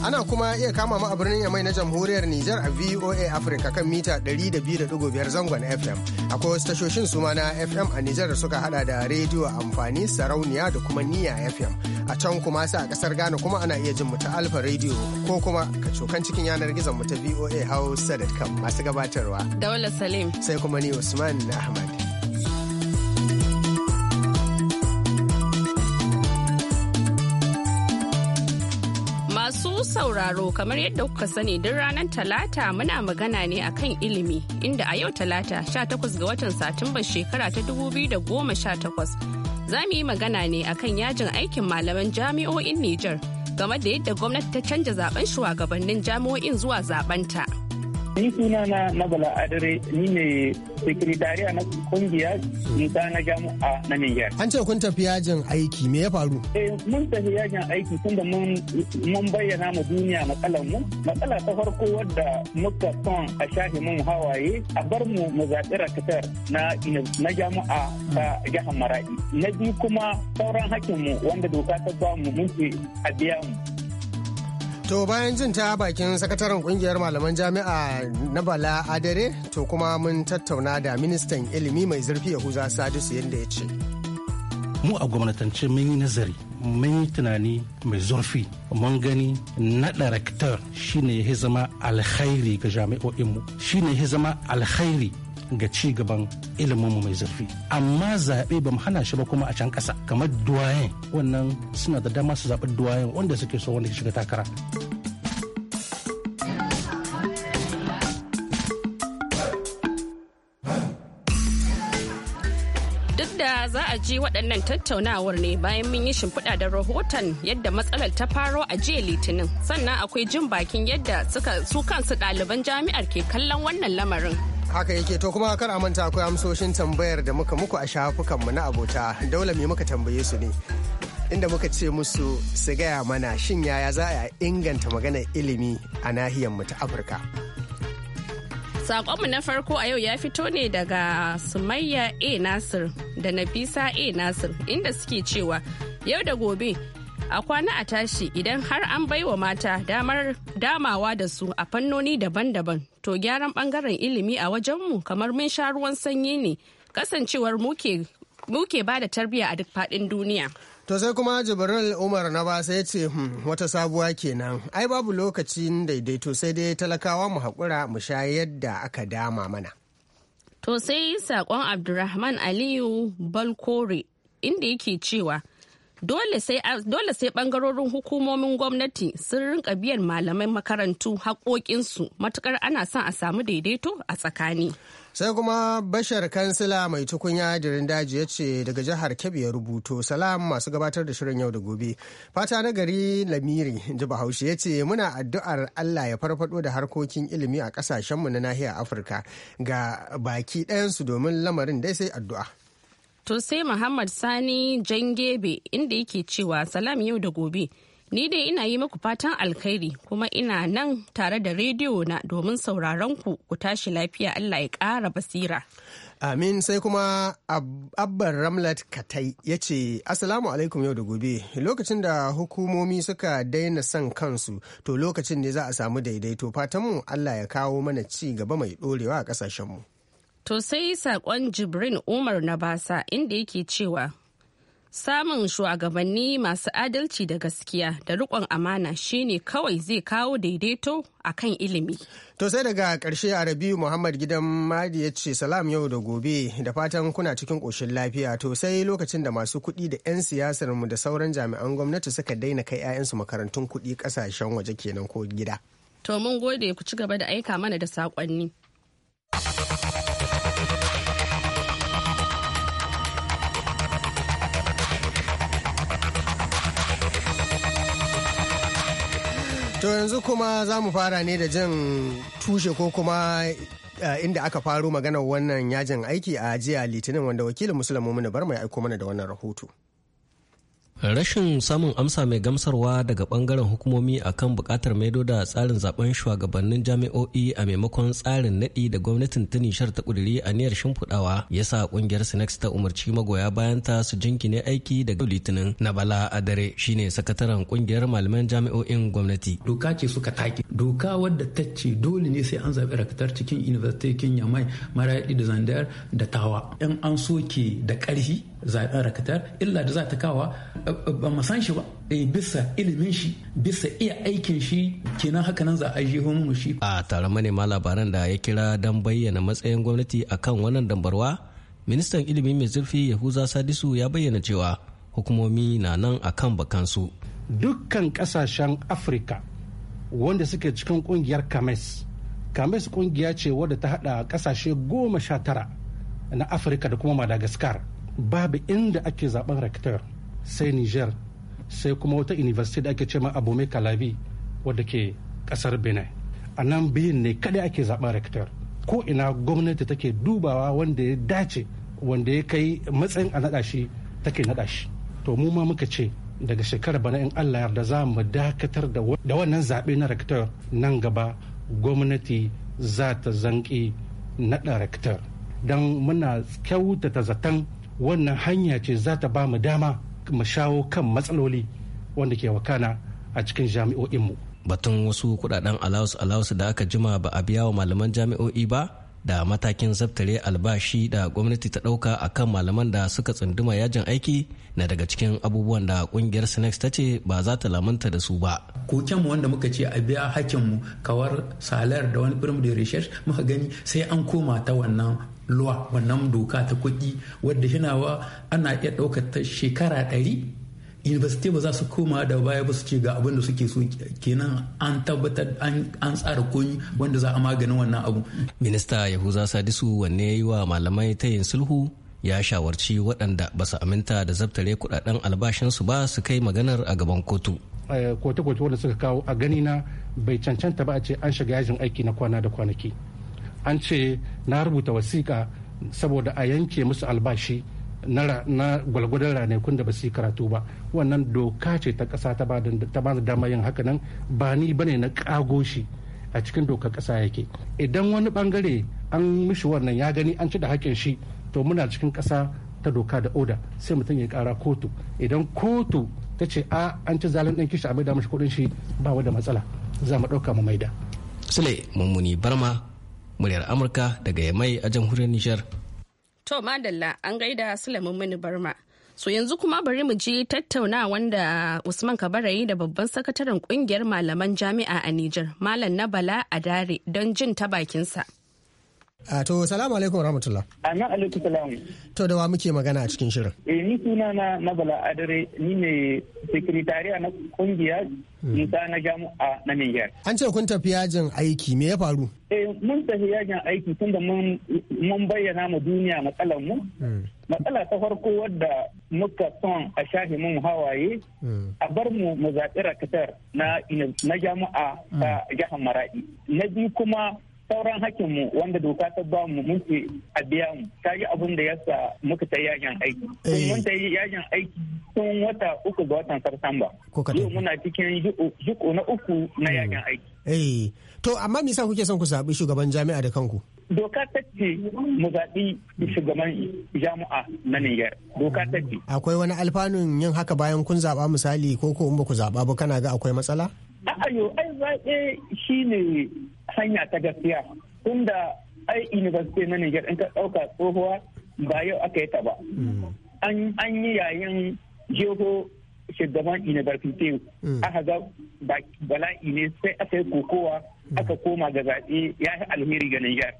Ana kuma iya kama mu a birnin Yamai na Jamhuriyar Nijar a VOA Africa kan mita 200.5 zangon FM. Akwai wasu tashoshin suma na FM a Nijar da suka hada da rediyo amfani sarauniya da kuma niya FM. A can kuma sa a kasar Ghana kuma ana iya jin mu ta Alfa rediyo ko kuma kacokan cikin yanar gizon mu ta VOA Hausa.com masu gabatarwa. Daula Salim. Sai kuma ni Usman Ahmad. Masu sauraro kamar yadda kuka sani duk ranar Talata muna magana ne akan ilimi inda a yau Talata 18 ga watan Satumbar shekara ta 2018 za mu yi magana ne akan yajin aikin malaman jami'o'in Nijar game da yadda gwamnati ta canja zaben shugabannin jami'o'in zuwa zaɓen ta. Ni suna na mabala a Adare ni ne a na kungiya Musa na jamu a Niger. An ce kun tafi yajin aiki me ya faru? Eh mun tafi yajin aiki tun da mun bayyana mu duniya matsalar mu. Matsala ta farko wadda muka son a shafi mun hawaye a bar mu mu zaɓi rakitar na na jami'a ta jihar Maradi. Na biyu kuma sauran hakkin mu wanda doka ta ba mu mun ce a biya mu. To bayan jin ta bakin sakataren kungiyar malaman jami'a na Bala Adare to kuma mun tattauna da ministan ilimi mai zurfi Yahuza Sadisu yadda ya ce. Mu a gwamnatance mun yi nazari, mun yi tunani mai zurfi, mun gani na daraktar shine ya zama alkhairi ga jami'o'inmu, shine ya zama alkhairi ga ci gaban mu mai zurfi amma zaɓe ba mu hana shi ba kuma a can ƙasa kamar duwayen wannan suna da dama su zaɓi duwayen wanda suke so wanda shiga takara za a ji waɗannan tattaunawar ne bayan mun yi shimfiɗa da rahoton yadda matsalar ta faro a jiya litinin sannan akwai jin bakin yadda su kansu ɗaliban jami'ar ke kallon wannan lamarin. haka yake to kuma kar a manta akwai amsoshin tambayar da muka muku a shafukanmu na abota dole mu muka tambaye su ne inda muka ce musu su gaya mana shin yaya za a inganta maganar ilimi a nahiyar mu ta afirka Sakonmu na farko a yau ya fito ne daga Sumayya A. Nasir da Nafisa A. Nasir inda suke cewa yau da gobe a kwana a tashi idan har an bai wa mata damar damawa da su a fannoni daban-daban to gyaran bangaren ilimi a wajenmu kamar mun sha ruwan sanyi ne kasancewar muke ba da tarbiyya a duk fadin duniya To sai kuma Jibril Umar na ba sai ce hmm, wata sabuwa kenan. Ai babu lokacin daidaito sai dai talakawa mu haƙura mu sha yadda aka dama mana. To sai saƙon Abdulrahman Aliyu Balkore inda yake cewa dole sai bangarorin hukumomin gwamnati sun rinka biyan malamai makarantu haƙoƙinsu matukar ana son a samu daidaito a tsakani. sai kuma bashar kansila mai tukunya jirin daji ya ce daga jihar kebbi ya rubuto salam masu gabatar da shirin yau da gobe fata na gari lamiri ji bahaushe ya ce muna addu'ar allah ya farfado da harkokin ilimi a kasashenmu na nahiyar afirka ga baki ɗayansu domin lamarin dai sai addu'a To sai Muhammad Sani Jangebe inda yake cewa salam yau da gobe. Ni dai ina yi muku fatan alkhairi kuma ina nan tare da rediyo na domin sauraronku ku tashi lafiya Allah ya kara basira. Amin sai kuma Abban Ramlat Katai ya ce, Assalamu alaikum yau da gobe, lokacin da hukumomi suka daina son kansu, to lokacin ne za a samu daidaito fatanmu Allah ya kawo mana ci gaba mai ɗorewa a ƙasashenmu. To sai saƙon Jibrin Umar na basa inda yake cewa samun shugabanni masu adalci da gaskiya da rikon amana shine kawai zai kawo daidaito a kan ilimi. To sai daga karshe a Rabiu Muhammad Gidan Madi ya ce salam yau da gobe da fatan kuna cikin ƙoshin lafiya to sai lokacin da masu kuɗi da 'yan siyasar mu da sauran jami'an gwamnati suka daina kai 'ya'yansu makarantun kuɗi ƙasashen waje kenan ko gida. To mun gode ku ci gaba da aika mana da saƙonni. To yanzu kuma za mu fara ne da jin tushe ko kuma eh, inda aka faro maganar wannan yajin aiki a jiya litinin wanda wakilin mu ne bar mai aiko mana da wannan rahoto. rashin samun amsa mai gamsarwa daga bangaren hukumomi akan bukatar maido da tsarin zaben shugabannin jami'o'i a maimakon tsarin naɗi da gwamnatin ta nishar ta Kuduri a niyar shimfudawa, ya sa ƙungiyar sinex ta umarci magoya bayanta su jinkine aiki daga litinin na bala a dare shine sakataren ƙungiyar malaman jami'o'in gwamnati doka ce suka take doka wadda ta ce dole ne sai an zaɓi rakatar cikin university kin yamai maraɗi da zandar da tawa in an soke da ƙarfi zaɓen rakatar illa da za ta kawa ba mu san shi ba eh, bisa ilimin shi bisa iya aikin shi kenan haka nan za a je mu shi a taron manema labaran da ya kira don bayyana matsayin gwamnati akan wannan dambarwa ministan ilimi mai zurfi yahuza sadisu ya bayyana cewa hukumomi na nan akan bakansu dukkan kasashen afirka wanda suke cikin kungiyar kames kames kungiya ce wadda ta hada kasashe goma sha tara na afirka da kuma madagascar babu inda ake zaben rector sai niger sai kuma wata university da ake cema abome kalabi wadda ke kasar benin a nan biyun ne kada ake zaɓen rector ko ina gwamnati take dubawa wanda ya dace wanda ya kai matsayin a naɗa shi take naɗa shi to mu ma muka ce daga shekarar bana in allah yarda za mu dakatar da wannan zaɓe na rector nan gaba gwamnati za ta zanki naɗa rector don muna kyautata zaton wannan hanya ce za ta ba mu dama mu shawo kan matsaloli wanda ke wakana a cikin jami'o'inmu. batun wasu kudaden alawus alawus da aka jima ba a biya wa malaman jami'o'i ba da matakin zabtare albashi da gwamnati ta dauka akan malaman da suka tsunduma yajin aiki na daga cikin abubuwan da kungiyar sinex ta ce ba za ta lamanta da su ba kokenmu wanda muka ce a biya hakinmu kawar salar da wani firm da research muka gani sai an koma ta wannan luwa wannan doka ta kuɗi wadda shinawa ana iya ɗaukar ta shekara ɗari university ba za su koma da baya ba su ce ga abin da suke so kenan an tabbatar an tsara koyi wanda za a maganin wannan abu. minista yahuza sadisu wanne ya yi wa malamai ta yin sulhu ya shawarci waɗanda ba su aminta da zabtare kudaden albashinsu ba su kai maganar a gaban kotu. kote-kote wanda suka kawo a ganina bai cancanta ba a ce an shiga yajin aiki na kwana da kwanaki. an ce na rubuta wasiƙa saboda a yanke musu albashi na gwalgwadon ranakun da ba su yi karatu ba wannan doka ce ta ƙasa ta ba da dama yin haka nan ba ni ne na ƙago shi a cikin doka ƙasa yake idan wani bangare an mishi wannan ya gani an ci da haƙin shi to muna cikin ƙasa ta doka da oda sai mutum ya ƙara kotu idan kotu ta ce a an ci zalin ɗan kishi a maida mashi kuɗin shi ba wa da matsala za mu ɗauka mu maida. sule mummuni barma muryar amurka daga yamai a jamhuriyar nijar to madalla an gaida sulaiman mini barma so yanzu kuma bari mu ji tattauna wanda usman kabara yi da babban sakataren kungiyar malaman jami'a a nijar malam na bala a dare don jin ta bakinsa. A to salamu alaikum rahmatullah. nan alaikum salam. To da wa muke magana a cikin shirin? e ni suna na na Bala Adare ni ne sekretariya na kungiya Musa hmm. na a na Niger. An ce kun tafi yajin aiki me ya faru? Eh mun tafi yajin aiki tun da mun bayyana mu duniya matsalar mu. Hmm. Matsala ta farko wadda muka son a shahi mun hawaye hmm. a bar mu mu zaɓi rakatar na jami'a ta jihar Maradi. Na biyu kuma sauran hakinmu wanda doka ta ba mu mun ce a biya mu ta yi abin da yasa muka ta yajin aiki kun mun eh. ta yi yajin aiki tun wata uku ga watan Sarsamba yau muna cikin jiko na uku na hmm. yajin aiki eh. to amma me yasa kuke son ku zabi shugaban jami'a da kanku doka ta ce mu zaɓi shugaban jami'a na Niger. Doka ta ce. Hmm. Akwai wani alfanun yin haka bayan kun zaɓa misali ko ko in ba ku zaɓa ba kana ga akwai matsala? A'ayo, ai zaɓe shi ne hanya ta gaskiya. Tunda ai university na Niger in ka ɗauka tsohuwa ba yau aka yi ta ba. Mm. An yi yayin jeho shugaban university mm. aka ga bala'i ne sai aka yi kokowa mm. aka koma ga zaɓe ya yi alheri ga Niger.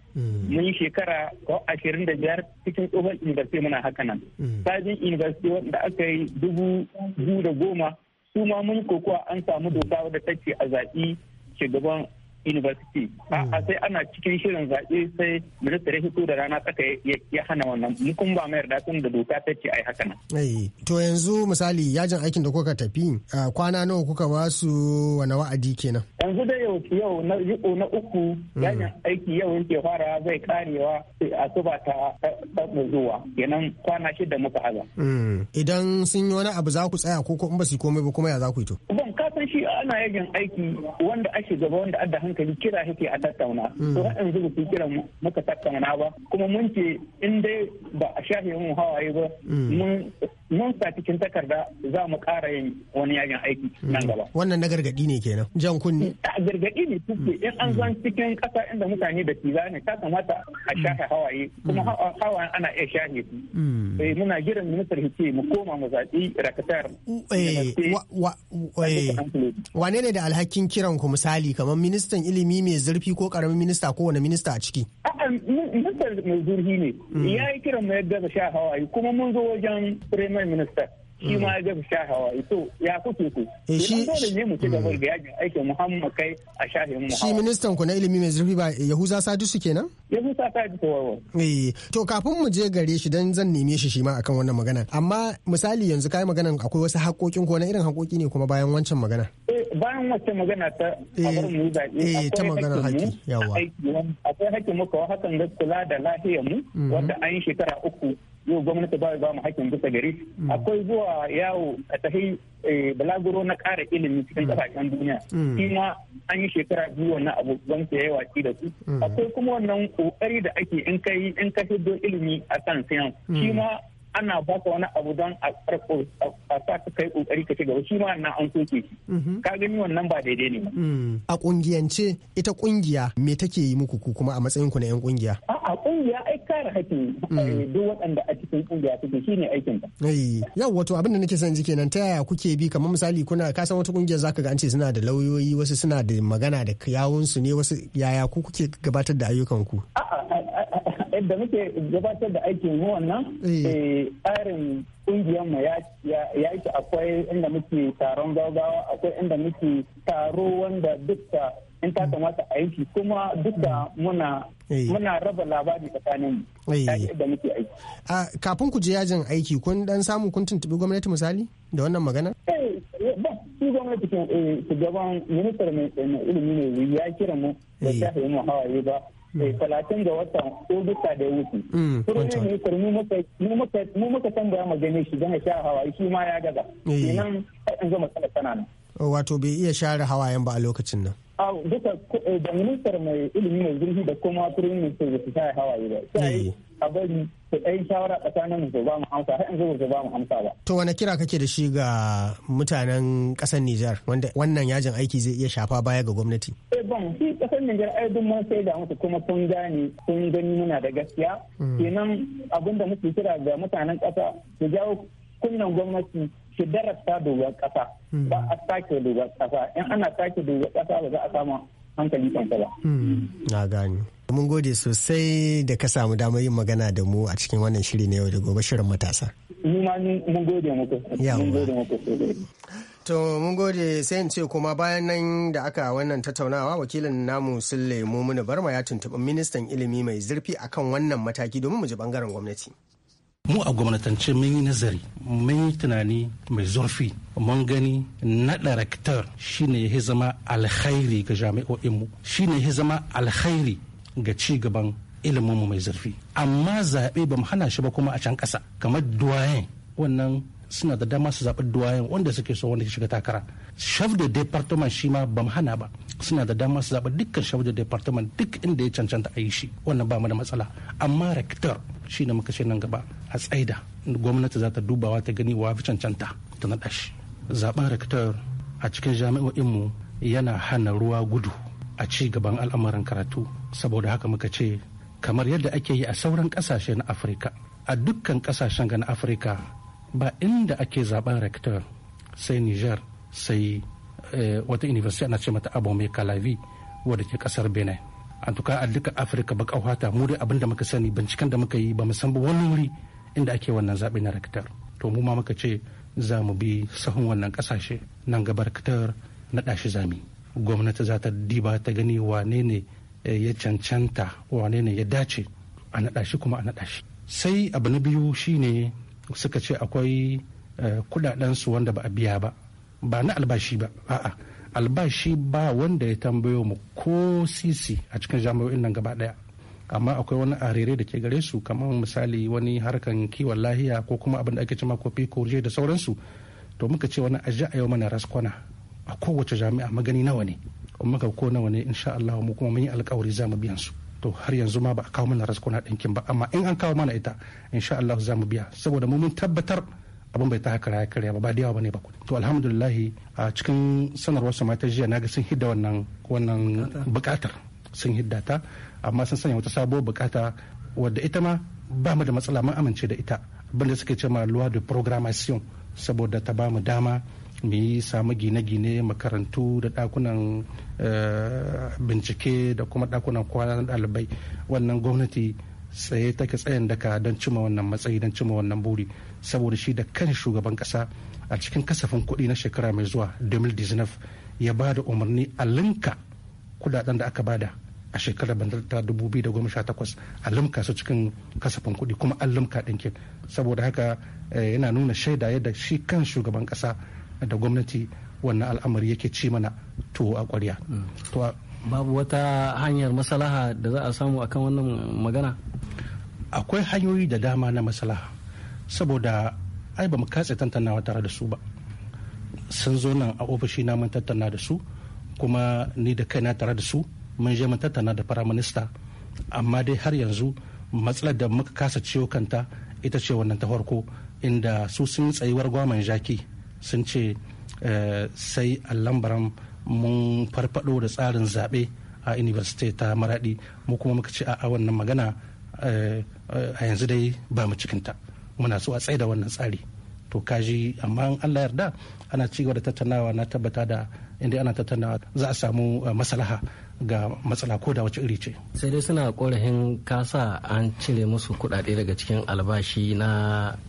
Mun yi shekara ko ashirin da biyar cikin tsohon university muna haka nan. Sajin university wanda aka yi dubu da goma su ma mun koko an samu doka wadda take a zaɓi shugaban university a hmm. sai ana cikin shirin zaɓe sai ministar ya fito da rana tsaka ya hana wannan mu kun ba mayar datun da doka ta ce ai haka nan. to yanzu misali yajin aikin da kuka tafi kwana nawa kuka ba su wani wa'adi kenan. yanzu da yau yau na riko na uku hmm. yajin aiki yau yake fara zai karewa a suba ta zuwa kenan kwana shida muka haza. Hmm. idan sun yi wani abu za ku tsaya ko in ba su komai ba kuma ya za ku yi to. ban kasan shi ana yajin aiki wanda ake gaba wanda adda hankali kira yake a tattauna hmm. to ha yanzu ba su kira muka tattauna ba kuma mun ce in dai ba a sha mu hawaye ba hmm. mun mun sa cikin takarda za mu kara yin wani yayin aiki nan gaba. Hmm. Wannan na gargaɗi ne kenan jan kunni. A gargaɗi ne kuke in an zan cikin ƙasa inda mutane da tiza ne ta kamata a hmm. shafe hawaye kuma hmm. hawaye ana iya shafe su. Eh, muna jiran ministar hice mu koma mu zaɓi rakatar. Eh, eh. Wane ne da alhakin kiran ku misali kamar ministan ilimi mai zurfi ko ƙaramin minista ko wani minista a ciki? ministan mai zurfi ne ya yi kiran mu yadda za sha hawaye kuma mun zo wajen firimin prime minister shi ma ya gaba shahawa ito ya kuke ku eh, shi dole ne mu ci gaba mm. da yajin aikin muhammad kai a shahin mu shi ministan ku na ilimi mai zurfi ba yahuza sadisu kenan yahuza sadisu wawa eh to kafin mu je gare shi dan zan neme shi shi ma akan wannan magana amma misali yanzu kai maganan akwai wasu haƙoƙin ko na irin haƙoƙi ne kuma bayan wancan magana eh, bayan wancan magana ta abar mu zaɓe eh, akwai magana haƙi yawa akwai haƙi muka hakan da kula da lafiyar mu mm-hmm. wanda an shekara uku yau gwamnati ba ba mu haƙƙin bisa gari mm. akwai zuwa yawo a tahi eh, balaguro na ƙara ilimi cikin mm. ƙasashen duniya mm. shi ma an yi shekara biyu wannan abu gwamnati ya yi watsi da su akwai kuma wannan ƙoƙari da ake in kai in ka hiddo ilimi a kan siyan shi ma ana baka wani abu don a sa ka kai kokari ka ci gaba shi ma na an soke shi mm-hmm. ka gani wannan ba daidai ne a ƙungiyance ita ƙungiya me take yi muku ku kuma a matsayin ku na yan kungiya a kungiya kare haƙƙin mm. duk waɗanda a cikin ƙungiya suke ne aikin ta. Yau wato abin da nake son ji kenan ta yaya kuke bi kamar misali kuna ka san wata ƙungiya zaka ga an ce suna da lauyoyi wasu suna da magana da yawunsu ne wasu yaya ku kuke gabatar da ayyukan ku. yadda muke gabatar da aikin mu wannan eh. Eh, tsarin kungiyar mu ya ce akwai inda muke taron gaugawa akwai inda muke taro wanda dukka in ta kamata a kuma dukka hmm. muna eh. muna raba labari tsakanin da muke aiki. kafin ku je yajin aiki kun dan samu kun tuntubi gwamnati misali da wannan magana? ba su gwamnati shugaban ministar mai ilimi ne ya kira mu da shafi mu hawaye ba Eh, talatin ga watan Agusta da ya wuce. Mm, Kuma ne mu muka tambaya mu magani shi zan sha hawa shi ma ya gaza. Eh. Kenan har yanzu matsala tana nan. wato bai iya share hawayen ba a lokacin nan duka eh, da ministar mai ilimi mai zurfi da kuma turin ministar da su share hawaye ba sai eh. a bari su ɗai shawara tsakanin su ba mu amsa har yanzu su ba mu amsa ba to wani kira kake da shi ga mutanen ƙasar Nijar wanda wannan yajin aiki zai iya shafa baya ga gwamnati eh ban shi ƙasar Nijar ai duk mun sai da musu kuma sun gane sun gani muna da gaskiya hmm. kenan abinda muke kira ga mutanen ƙasa su jawo kunnan gwamnati su darasta dogon kasa hmm. ba a sake dogon kasa in ana sake dogon kasa ba za a samu hankali kanta ba. Hmm. Na gani. Mun gode sosai da ka samu damar yin magana da mu a cikin wannan shiri na yau da gobe shirin matasa. mun gode muku. To mun gode sai in ce kuma bayan nan da aka wannan tattaunawa wakilin namu sun lemu muni barma ya tuntuɓi ministan ilimi mai zurfi akan wannan mataki domin mu ji bangaren gwamnati. mu a gwamnatance mun yi nazari mun yi tunani mai zurfi mun gani na shi shine ya zama alkhairi ga jami'o'inmu shine ya zama alkhairi ga ci gaban iliminmu mai zurfi amma zaɓe ba mu hana shi ba kuma a can ƙasa kamar duwayen wannan suna da dama su zaɓi duwayen wanda suke so wanda shiga takara shaf da department shi ma ba mu hana ba suna da damar su zaɓa dukkan shawarar department duk inda ya cancanta a yi shi wannan ba mu da matsala amma rektor shi ne muka ce nan gaba a tsaida gwamnati za ta dubawa ta gani wa fi cancanta ta naɗa shi zaɓen rektor a cikin jami'o'in mu. yana hana ruwa gudu a ci gaban al'amuran karatu saboda haka muka ce kamar yadda ake yi a sauran ƙasashe na afirka a dukkan ƙasashen ga na afirka ba inda ake zaɓen rektor sai niger sai Eh, wata university ana ce mata mai kalavi wadda ke kasar benin an tuka a duka afirka baka wata mu dai abin da muka sani binciken da muka yi ba mu san ba wani wuri inda ake wannan zaɓe na rakitar to mu ma muka ce za mu bi sahun wannan kasashe nan gaba rakatar na ɗashi zami gwamnati za ta diba ta gani wane ne eh, ya cancanta wane ne ya dace a naɗa shi kuma a naɗa shi sai abu na biyu shine suka ce akwai eh, su wanda ba a biya ba ba na albashi ba a'a albashi ba wanda ya tambayo mu ko sisi a cikin jami'o'in nan gaba daya amma akwai wani arere da ke gare su kamar misali wani harkan kiwon lahiya ko kuma abin da ake cema kofi je da sauransu to muka ce wani aji a yau mana raskwana a kowace jami'a magani nawa ne kuma muka ko nawa ne insha Allah mu kuma mun yi alƙawari za mu biyan su to har yanzu ma ba a kawo mana raskwana ɗinkin ba amma in an kawo mana ita insha Allah za mu biya saboda mu mun tabbatar abin bai ta hakara ya karya ba ba da yawa bane ba to alhamdulillah a cikin sanarwar su mata jiya naga sun hidda wannan wannan bukatar sun hidda ta amma sun sanya wata sabuwar bukata wadda ita ma ba mu da matsala mun amince da ita da suke ce luwa loi de programmation saboda ta ba mu dama mu yi samu gine-gine makarantu da dakunan eh, bincike da kuma dakunan kwanan ɗalibai wannan gwamnati tsaye take tsayin daka don cima wannan matsayi don cima wannan buri saboda shi da kan shugaban kasa a cikin kasafin kuɗi na shekara mai zuwa 2019 ya ba da umarni a linka kudaden da aka bada a shekarar bandar ta 2018 a limka su cikin kasafin kuɗi kuma an limka ɗinkin saboda haka eh, yana nuna shaida yadda shi kan shugaban kasa da gwamnati wannan al'amari yake ci mana mm. to a ƙwarya. babu wata hanyar masalaha da za a samu akan wannan magana akwai hanyoyi da dama na masalaha saboda ai ba mu katse tantanawa tare da su ba sun zo nan a ofishi na mun tattauna da su kuma ni da kaina tare da su mun je mun tattauna da firaminista amma dai har yanzu matsalar da muka kasa ciwo kanta ita ce wannan ta farko inda su sun tsayuwar gwamnan jaki sun ce eh, sai allambaran mun farfado da tsarin zaɓe a university ta maradi mu kuma muka ce a wannan magana eh, eh, a yanzu dai ba mu cikinta muna so a tsaye da wannan tsari to kaji amma allah yarda ana ci gaba da tattaunawa na tabbata da inda ana tattaunawa za a samu eh, maslaha ga matsala ko da wace iri ce sai dai suna korafin kasa an cire musu kudade daga cikin albashi na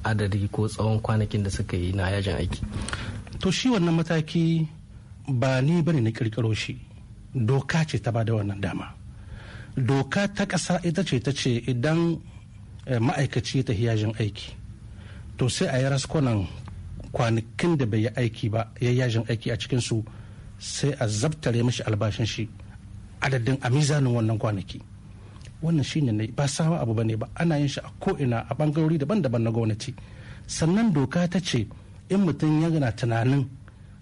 adadi ko tsawon kwanakin da suka yi na yajin aiki to shi wannan mataki ba ni ba ne na kirkiro shi doka ce ta ba da wannan dama doka ta ƙasa ita ce ta ce idan eh, ma'aikaci ta yajin aiki to sai a yi raskonan kwanakin da bai yi aiki ba ya yajin aiki a cikinsu sai a zabtare mashi albashin shi adadin amizanin wannan kwanaki wannan shine ne ba sawa abu bane ba ana yin shi a ko'ina a bangarori daban-daban na gwamnati sannan doka ta ce in mutum yana tunanin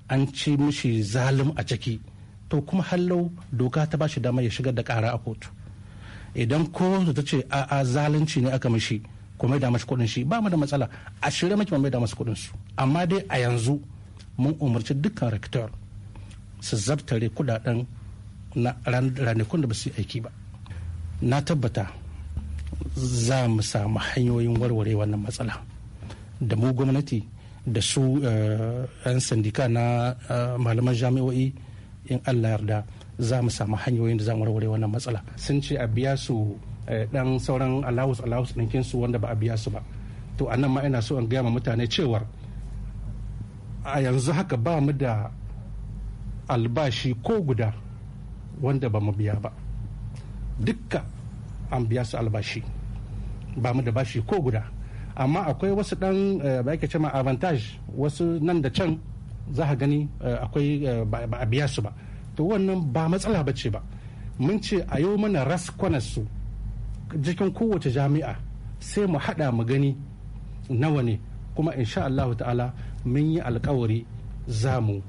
an ci mishi zalim a ciki to kuma hallau doka ta bashi dama ya shigar da kara a kotu idan ko ta ce a a zalunci ne aka mishi ko da mashi kudin shi ba mu da matsala a shirye muke mai da kudin su amma dai a yanzu mun umarci dukkan rektor su zabtare kudaden na ranakun da ba su yi aiki ba na tabbata za mu samu hanyoyin warware wannan matsala da mu gwamnati da su eh, 'yan sandika na eh, malaman jami'o'i in allah yarda za mu samu hanyoyin da za mu warware wannan matsala sun ce a biya su eh, dan sauran allowance allowance ɗinkin su wanda ba a biya su ba to a nan ma ina so in gaya ma mutane cewar a yanzu haka ba mu da albashi ko guda wanda ba mu biya ba dukka an biya su albashi ba mu da bashi ko guda amma akwai wasu dan ba eh, ake cewa avantage wasu nan da can za ka gani eh, akwai eh, ba a biya su ba to wannan ba matsala ba ce ba mun ce a yau mana raskwanar su jikin kowace jami'a sai mu haɗa mu gani nawa ne kuma insha Allah ta'ala mun yi alkawari za mu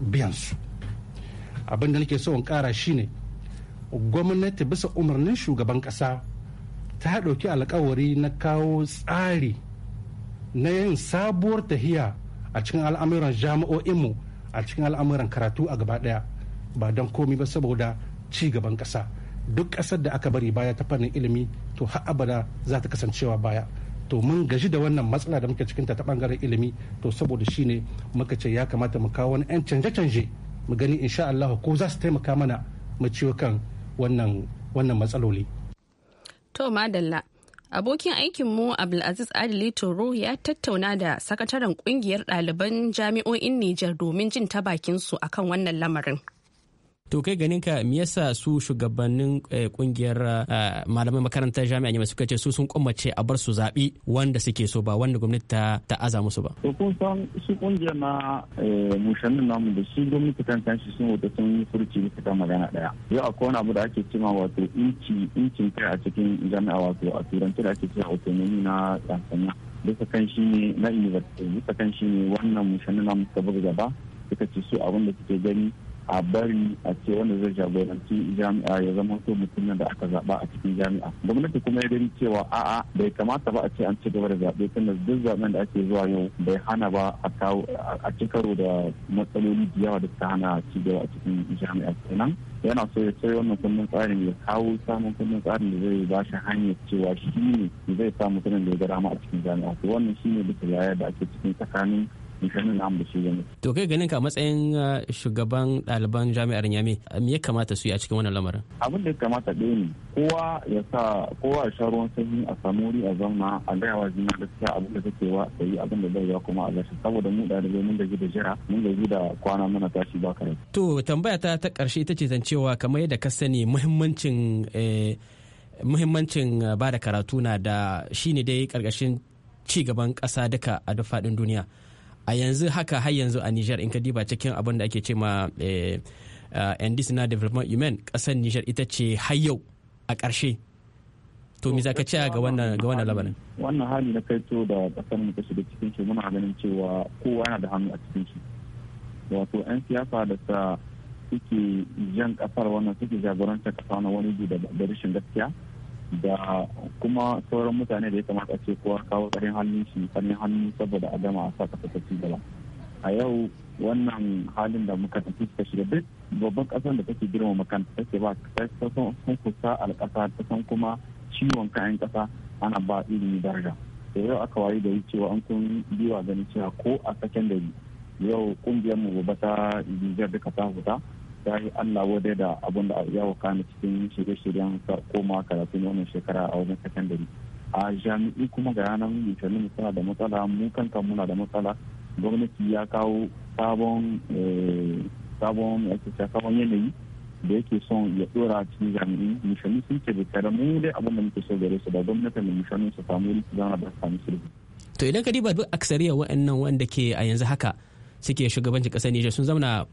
biyan su abin da nake so in kara shine gwamnati bisa umarnin shugaban kasa. ta ɗauki alkawari na kawo tsari na yin sabuwar tahiya a cikin al'amuran jami'o'inmu a cikin al'amuran karatu a gaba ɗaya ba don komi ba saboda ci gaban ƙasa duk ƙasar da aka bari baya ta fannin ilimi to har abada za ta kasancewa baya to mun gaji da wannan matsala da muke cikinta ta bangaren ilimi to saboda shine muka ce ya kamata mu kawo wani 'yan canje-canje mu gani insha Allah ko za su taimaka mana mu ciwo kan wannan matsaloli To Madalla, abokin aikinmu Abdulaziz Adili Toro ya tattauna da sakataren kungiyar ɗaliban jami'o'in Nijar domin jin ta bakinsu akan wannan lamarin. to kai ganin ka me yasa su shugabannin eh, kungiyar eh, malamai makarantar jami'a ne suka ce su sun kummace a bar su zabi wanda suke so ba wanda gwamnati ta ta aza musu ba to kun san su kungiyar na eh, mushannin namu da su gwamnati kan kanshi sun wuce sun furci bisa magana daya yau akwai wani abu da ake cewa wato inci incin kai a cikin jami'a wato a turanci da ake cewa autonomy na tsantsanya. bisa kan shi ne na university bisa kan shi ne wannan mushannin namu suka buga gaba suka ce su abin da suke gani a bari a ce wanda zai jagoranci jami'a ya zama to mutumin da aka zaba a cikin jami'a gwamnati kuma ya gani cewa a'a bai kamata ba a ce an ci gaba da zaɓe tunda duk zaɓen da ake zuwa yau bai hana ba a kawo a ci karo da matsaloli da yawa da suka hana ci gaba a cikin jami'a kenan yana so ya sai wannan kundin tsarin ya kawo samun kundin tsarin da zai ba shi hanyar cewa shi ne zai sa mutumin da ya ga ma a cikin jami'a to wannan shi ne bisa yaya da ake cikin tsakanin mutanen na da su To kai ganin ka matsayin uh, shugaban ɗaliban jami'ar Nyame me ya kamata su yi a cikin wannan lamarin? Abin da ya kamata ɗaya ne kowa ya sa kowa ya sha ruwan sanyi a samu wuri a zauna a gaya wa juna gaskiya abin da take wa sai abin da bai yi kuma a gashi saboda mu ɗalibai mun gaji da jira mun gaji da kwana mana tashi ba kare. To tambaya ta ta ƙarshe ita ce zan cewa kamar yadda ka sani muhimmancin eh, muhimmancin uh, ba da karatu na da shine dai karkashin ci gaban ƙasa duka a duk faɗin duniya. a yanzu haka har yanzu a niger in ka diba cikin abin da ake ce ma eh, eh, ndc na development human kasar niger ita ce har yau a ƙarshe to mi za ka ga ga wannan labarin wannan hali na kaito da kasar mu ta da cikin shi muna ganin cewa kowa yana da hannu a cikin shi wato 'yan siyasa da ta suke jan kasar wannan suke jagorantar kasa na wani da rashin gaskiya da kuma sauran mutane da ya kamata ce kowa kawo karin hannun shi karin hannu saboda adama a sa kasa ta ci gaba a yau wannan halin da muka tafi ta shiga duk babban kasan da take girmama kanta ce ba ta san kusa alƙasa ta san kuma ciwon kayan ƙasa ana ba ilimi daraja da yau aka wayi da cewa an kun biwa ganin cewa ko a sakandare yau kungiyar mu ta nijar duka ta huta ta yi allah wadai da abun da ya wakana cikin shirye-shiryen koma karatun wannan shekara a wajen sakandare a jami'i kuma ga ranar litinin suna da matsala mu kanka muna da matsala gwamnati ya kawo sabon eh, sabon sabon yanayi da yake son ya dora cikin jami'i mishani sun ce da mu dai abin da muke so gare su da gwamnatin da mishani su samu wuri su zama da samu sulhu. to idan ka diba duk aksariya wa'annan wanda ke a yanzu haka suke shugabancin ƙasar Nijar sun zauna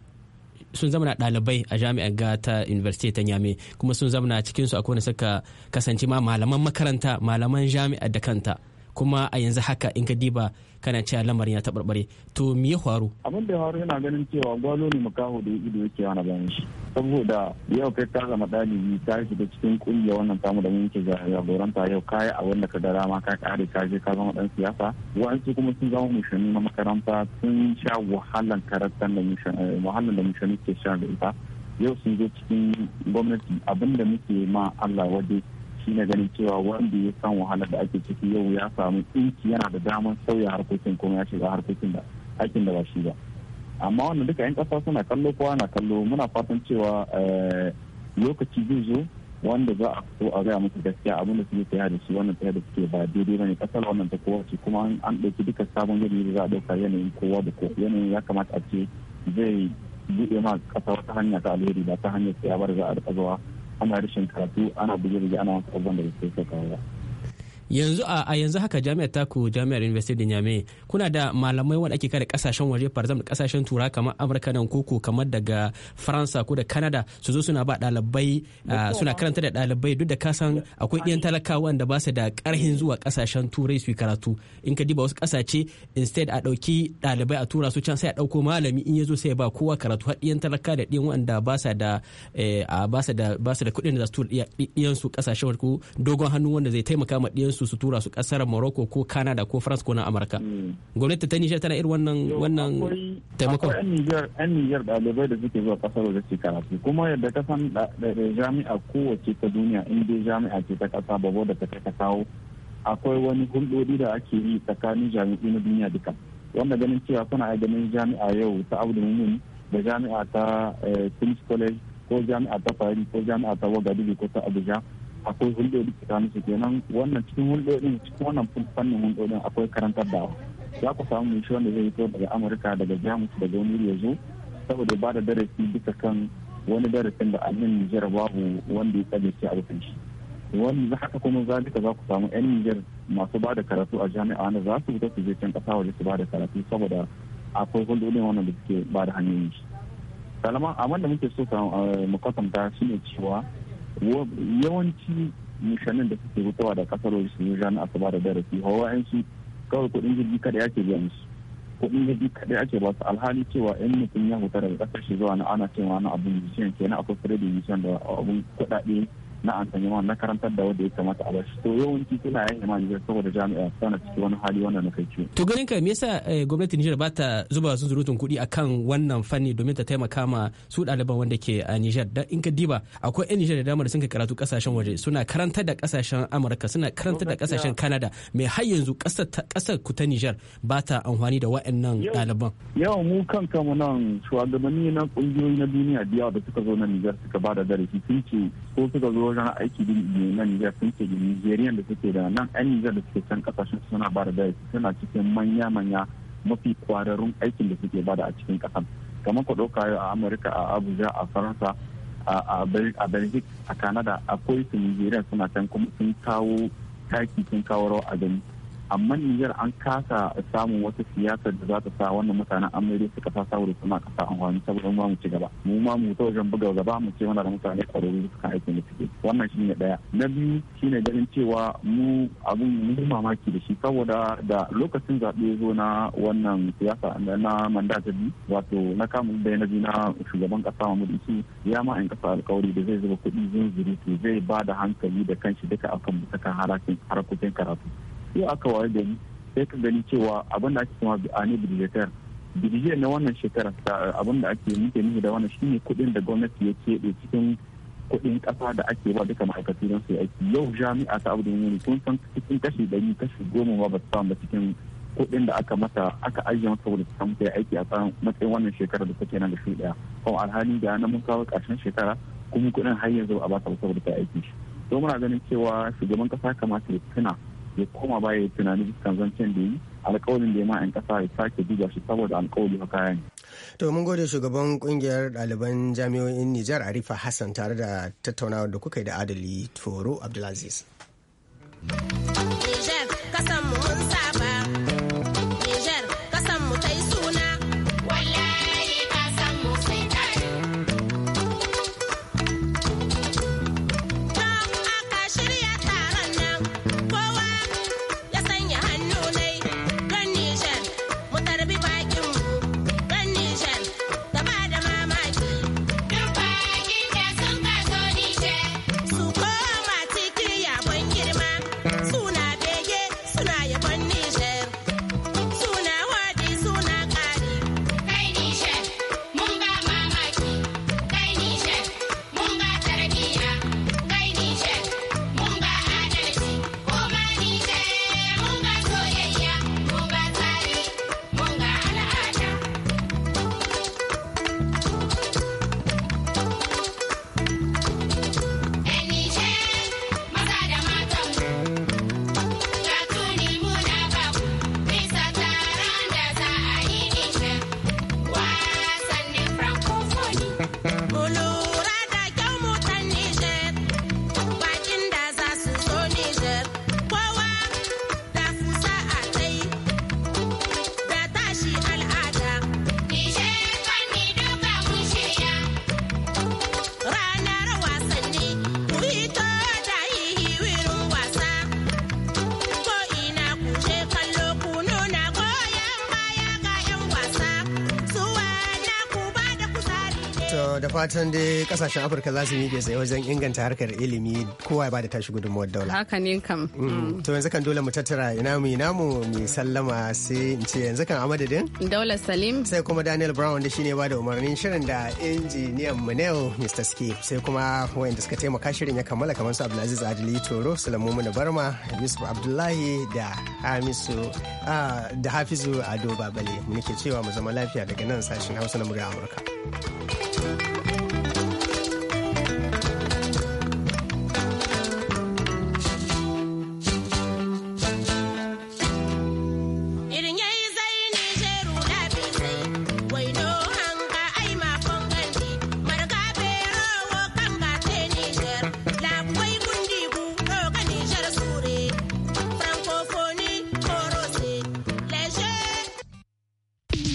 sun zamana ɗalibai a jami'ar ga ta university ta nyame kuma sun zama cikinsu akwai wanda suka kasance ma malaman makaranta malaman jami'ar da kanta kuma a yanzu haka in ka diba kana cewa lamarin ya taɓarɓare to me ya faru abin da ya faru yana ganin cewa gwalo ne makaho da ido yake wani bayan shi saboda yau kai ka zama ɗalibi ka shiga cikin ƙungiya wannan tamu da muke jagoranta yau kaya a wanda ka dara ma ka kare ka je ka zama ɗan siyasa wa'ansu kuma sun zama mushani na makaranta sun sha wahalan karatun da eh, wahalan da mushani ke sha da ita yau sun je cikin gwamnati abin da muke ma Allah waje shine ganin cewa wanda ya san wahalar da ake ciki yau ya samu tsinki yana da damar sauya harkokin kuma ya shiga harkokin da aikin da ba shi ba amma wannan duka 'yan kasa suna kallo kowa na kallo muna fatan cewa eh, lokaci zai zo wanda za a so a gaya musu gaskiya abinda suke tsaya da shi wannan tsaya da suke ba daidai bane kasar wannan ta kowace kuma an ɗauki duka sabon yanayi da za a ɗauka yanayin kowa da kowa yanayin ya kamata a ce zai buɗe ma kasa wata hanya ta alheri ba ta hanyar tsaya ba da za a rika zuwa ana rashin karatu ana bugu buge ana abubuwan da ke su kawo ba yanzu a yanzu haka jami'ar taku jami'ar university da nyame kuna da malamai wanda ake kare kasashen waje far example kasashen tura kamar amurka nan koko kamar daga faransa ko da canada su zo suna ba dalibai suna karanta da dalibai duk da kasan akwai ɗiyan talakawa wanda ba su da karhin zuwa kasashen turai su karatu in ka diba wasu kasashe instead a dauki dalibai a tura su can sai a dauko malami in ya zo sai ba kowa karatu har iyan talaka da din wanda ba su eh, da ba su da kuɗin da za su tura su kasashen ko dogon hannu wanda zai taimaka ma iyan su su tura su kasar Morocco ko Canada ko France ko na Amurka. Gwamnati ta Nijar tana irin wannan wannan taimakon. Akwai ɗan Nijar ɗalibai da suke zuwa kasar waje su karatu kuma yadda ka san jami'a kowace ta duniya in dai jami'a ce ta kasa babu da ta ka kawo akwai wani hulɗoɗi da ake yi tsakanin jami'i na duniya duka wanda ganin cewa kuna ganin jami'a yau ta Abdul Mumin da jami'a ta eh, King's College ko jami'a ta Paris ko jami'a ta Ouagadougou ko ta Abuja akwai hulɗoɗi ta su kenan wannan cikin hulɗoɗin cikin wannan fannin hulɗoɗin akwai karantar da za ku samu shi wanda zai fito daga amurka daga jamus daga wani ya zo saboda ba da darasi bisa kan wani darasin da annin nijar babu wanda ya tsage shi a rufin shi wani za haka kuma za duka za ku samu yan nijar masu ba da karatu a jami'a wanda za su fita su je can kasa waje su ba da karatu saboda akwai hulɗoɗin wannan da suke ba da hanyoyin shi salama abin da muke so eh, mu kwatanta ne cewa yawanci nishanin da suke hutawa da kasar waje sun yi ranar asaba da darasi hawa su kawai kudin jirgi kada ya ke biya musu kudin jirgi kada ake ba su alhali cewa in mutum ya huta daga kasar shi zuwa na ana cewa na abun mishiyan kenan akwai kredin mishiyan da abun kuɗaɗe na an sanya ma da wanda ya kamata a bashi to yawanci suna yanke ma Nijar saboda jami'a tana cikin wani hali wanda na kai To ganin ka me yasa eh, gwamnati Nijar ba ta zuba wasu zurutun kuɗi kan wannan fanni domin ta taimaka ma su ɗaliban wanda ke a Nijar da in ka diba akwai 'yan Nijar da dama da sun ka karatu kasashen waje suna karantar da kasashen Amurka suna karantar da kasashen Canada me har yanzu ƙasar ku ta Nijar ba ta amfani da wa'annan ɗaliban. Yawan mu kan mu nan shugabanni na ƙungiyoyi na duniya biya da suka zo na Nijar suka ba da darasi sun ko suka zo wajen aiki na Nijar sun da Nijeriyan da suke da nan ɗan Nijar da suke can kasashen suna ba da suna cikin manya-manya mafi kwararrun aikin da suke bada a cikin kasan Kamar ku ɗauka a Amurka a Abuja a Faransa a Belgic a Canada akwai su Nijeriya suna can kuma sun kawo taki sun kawo rawa a gani. amma Nijar an kasa samun wata siyasar da za ta sa wannan mutanen Amurka suka sa saboda suna kasa amfani saboda mu mu ci gaba mu ma mu ta wajen buga gaba mu ce muna da mutane kwararru suka aikin na cike wannan shine daya na biyu shine ganin cewa mu abun mu mamaki da shi saboda da lokacin zaɓe zo na wannan siyasa na mandata biyu wato na kamun da na shugaban kasa da shi ya ma in kasa alkawari da zai zuba kuɗi zunzuri to zai ba da hankali da kanshi duka akan bisa kan harakokin karatu yau aka wayar da ni sai ka gani cewa abin da ake kuma a ne bidiyatar bidijiyar na wannan shekarar abin da ake muke nufi da wannan shine kuɗin da gwamnati ya keɓe cikin kuɗin kasa da ake ba duka ma'aikatu don su yi aiki yau jami'a ta abu da kun san cikin kashi ɗari kashi goma ma ba su samu ba cikin kuɗin da aka mata aka ajiye masa saboda su samu aiki a tsarin matsayin wannan shekarar da take nan da shi ɗaya kuma alhali da na mun kawo ƙarshen shekara kuma kuɗin har yanzu ba a ba ta saboda ta aiki don muna ganin cewa shugaban kasa kamata ya tuna ya koma baya ya tunanin iskan zancen da yi alkawalin da ya ma'an kasa ya sake duba shi saboda alkawali kaya ne. To mun gode shugaban kungiyar ɗaliban jami'o'in Nijar Arifa Hassan tare da tattaunawar da kuka yi da Adali Toro Abdulaziz. fatan dai kasashen afirka za su miƙe sai wajen inganta harkar ilimi kowa ya bada tashi gudunmuwar daula haka ne kam mm. Mm. to yanzu kan dole mu tattara ina mu ina mu mai sallama sai in ce yanzu kan amadadin daula salim sai kuma daniel brown da shine bada umarnin shirin da injiniyan mu neo mr skip sai kuma wayanda suka taimaka shirin ya kammala kamar su abdulaziz adili toro salamu mu barma yusuf abdullahi da hamisu ah, da hafizu ado babale muke cewa mu zama lafiya daga nan sashen hausa na murya amurka thank you